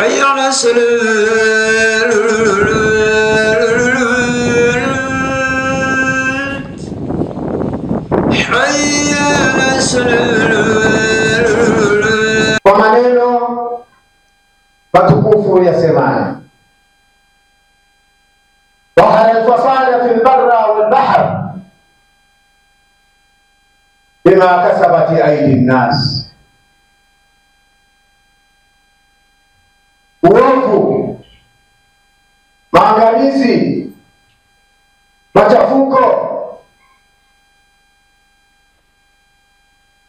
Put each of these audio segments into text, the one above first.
حي على الصلاة حي على الصلاة kwa maneno يا yasemayo وعلى الفصاحة في البر والبحر بما كسبت أيدي الناس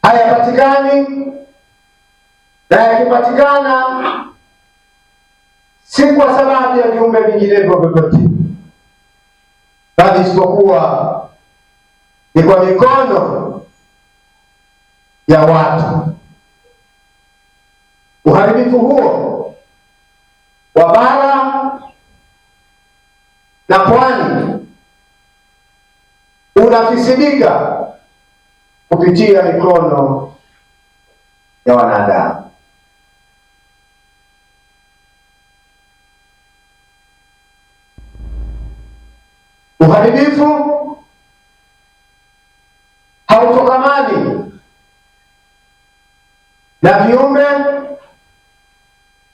hayapatikani, na yakipatikana si kwa sababu ya viumbe vinginevyo vyovyote, bali isipokuwa ni kwa mikono ya watu. Uharibifu huo wa bara na pwani unafisidika kupitia mikono ya wanadamu. Uharibifu hautokamani na viumbe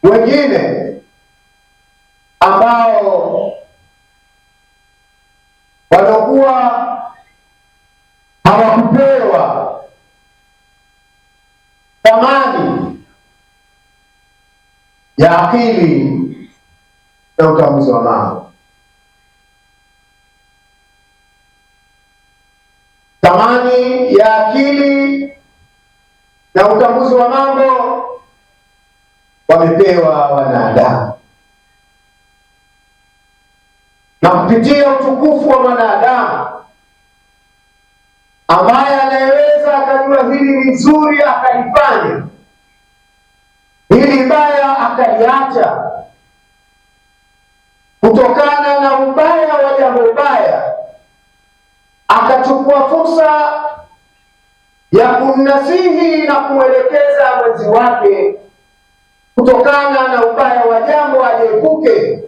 wengine ambao wanakuwa ya akili na utambuzi wa mambo. Thamani ya akili na utambuzi wa mambo wamepewa wanadamu, na kupitia utukufu wa mwanadamu ambaye anayeweza akajua hili ni zuri akaiacha kutokana na ubaya wa jambo ubaya, akachukua fursa ya kumnasihi na kumwelekeza mwenzi wake kutokana na ubaya wa jambo aliepuke,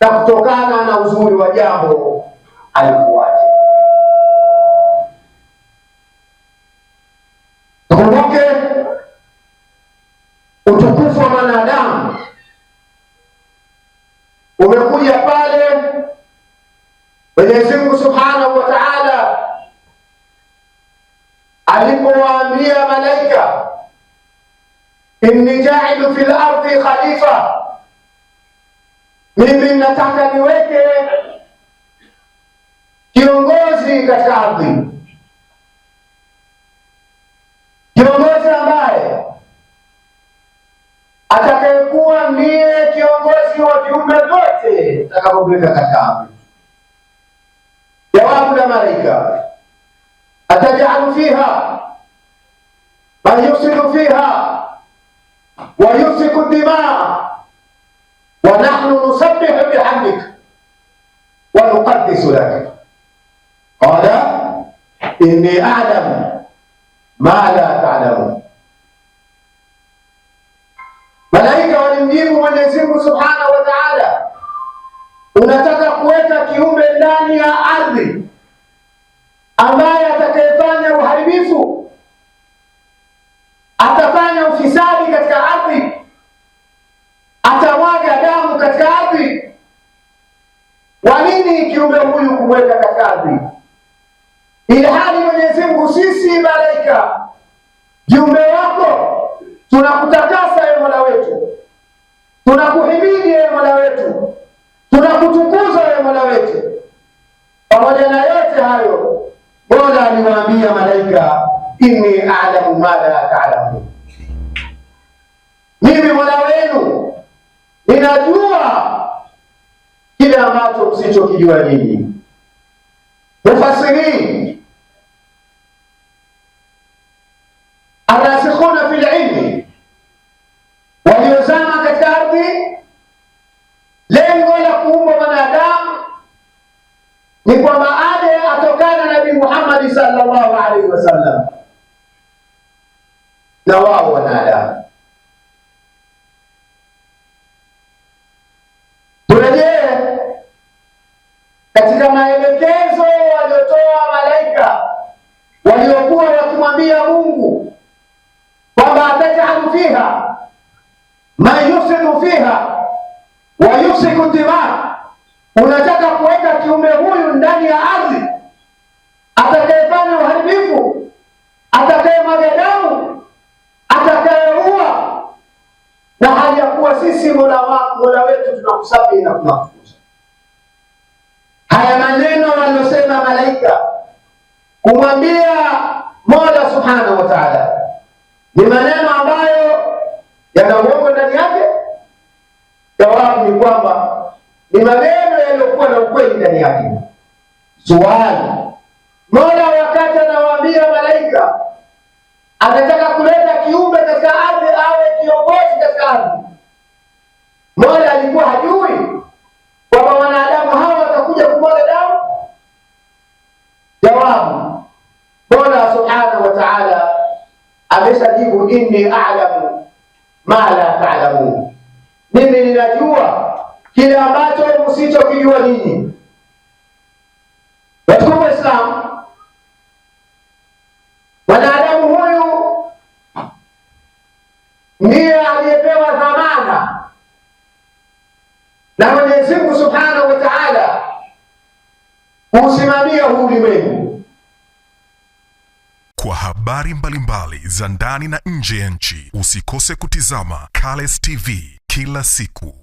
na kutokana na uzuri wa jambo alifuata. alipowaambia malaika, inni jailu fil ardi khalifa, mimi nataka niweke kiongozi katika ardhi, kiongozi ambaye atakayekuwa ndiye kiongozi wa viumbe vyote atakapokuweka katika ardhi. Jawabu la malaika فيها بل يفسد فيها ويفسك الدماء ونحن نسبح بحمدك ونقدس لك قال اني اعلم ما لا تعلمون ملائكه والمجيبو منيزيمو سبحانه وتعالى unataka kuweka kiumbe ndani ya ardhi ambaye atake uharibifu, atafanya ufisadi katika ardhi, atamwaga damu katika ardhi. Kwa nini kiumbe huyu kumweka katika ardhi, ilhali Mwenyezi Mungu, sisi malaika kiumbe wako tunakutakasa ewe Mola wetu, tunakuhimidi ewe Mola wetu, tunakutukuza ewe Mola wetu pamoja na inni alamu ma la taalamun, mimi mola wenu ninajua kile ambacho msichokijua nyinyi. Mufasirini na wao wanadamu. Turejee katika maelekezo waliotoa malaika waliokuwa wakimwambia Mungu kwamba atajalu fiha man yufsidu fiha wa yufsiku dima, unataka kuweka kiumbe huyu ndani ya ardhi atakayefanya uharibifu na kuwafukuza. Haya maneno aliyosema malaika kumwambia Mola subhanahu wa taala ni maneno ambayo yana uongo ndani yake. Jawabu ni kwamba ni maneno yaliyokuwa na ukweli ndani yake. Suali Mola wakati anawaambia malaika anataka kuleta kiumbe katika ardhi awe kiongozi katika ardhi Mola ameshajibu inni a'lamu ma la ta'lamun, mimi ninajua kile ambacho msichokijua ninyi. Watukufu Islam, mwanadamu huyu ndiye aliyepewa dhamana na Mwenyezi Mungu Subhanahu wa Ta'ala kuusimamia huu ulimwengu habari mbalimbali za ndani na nje ya nchi. Usikose kutizama Cales TV kila siku.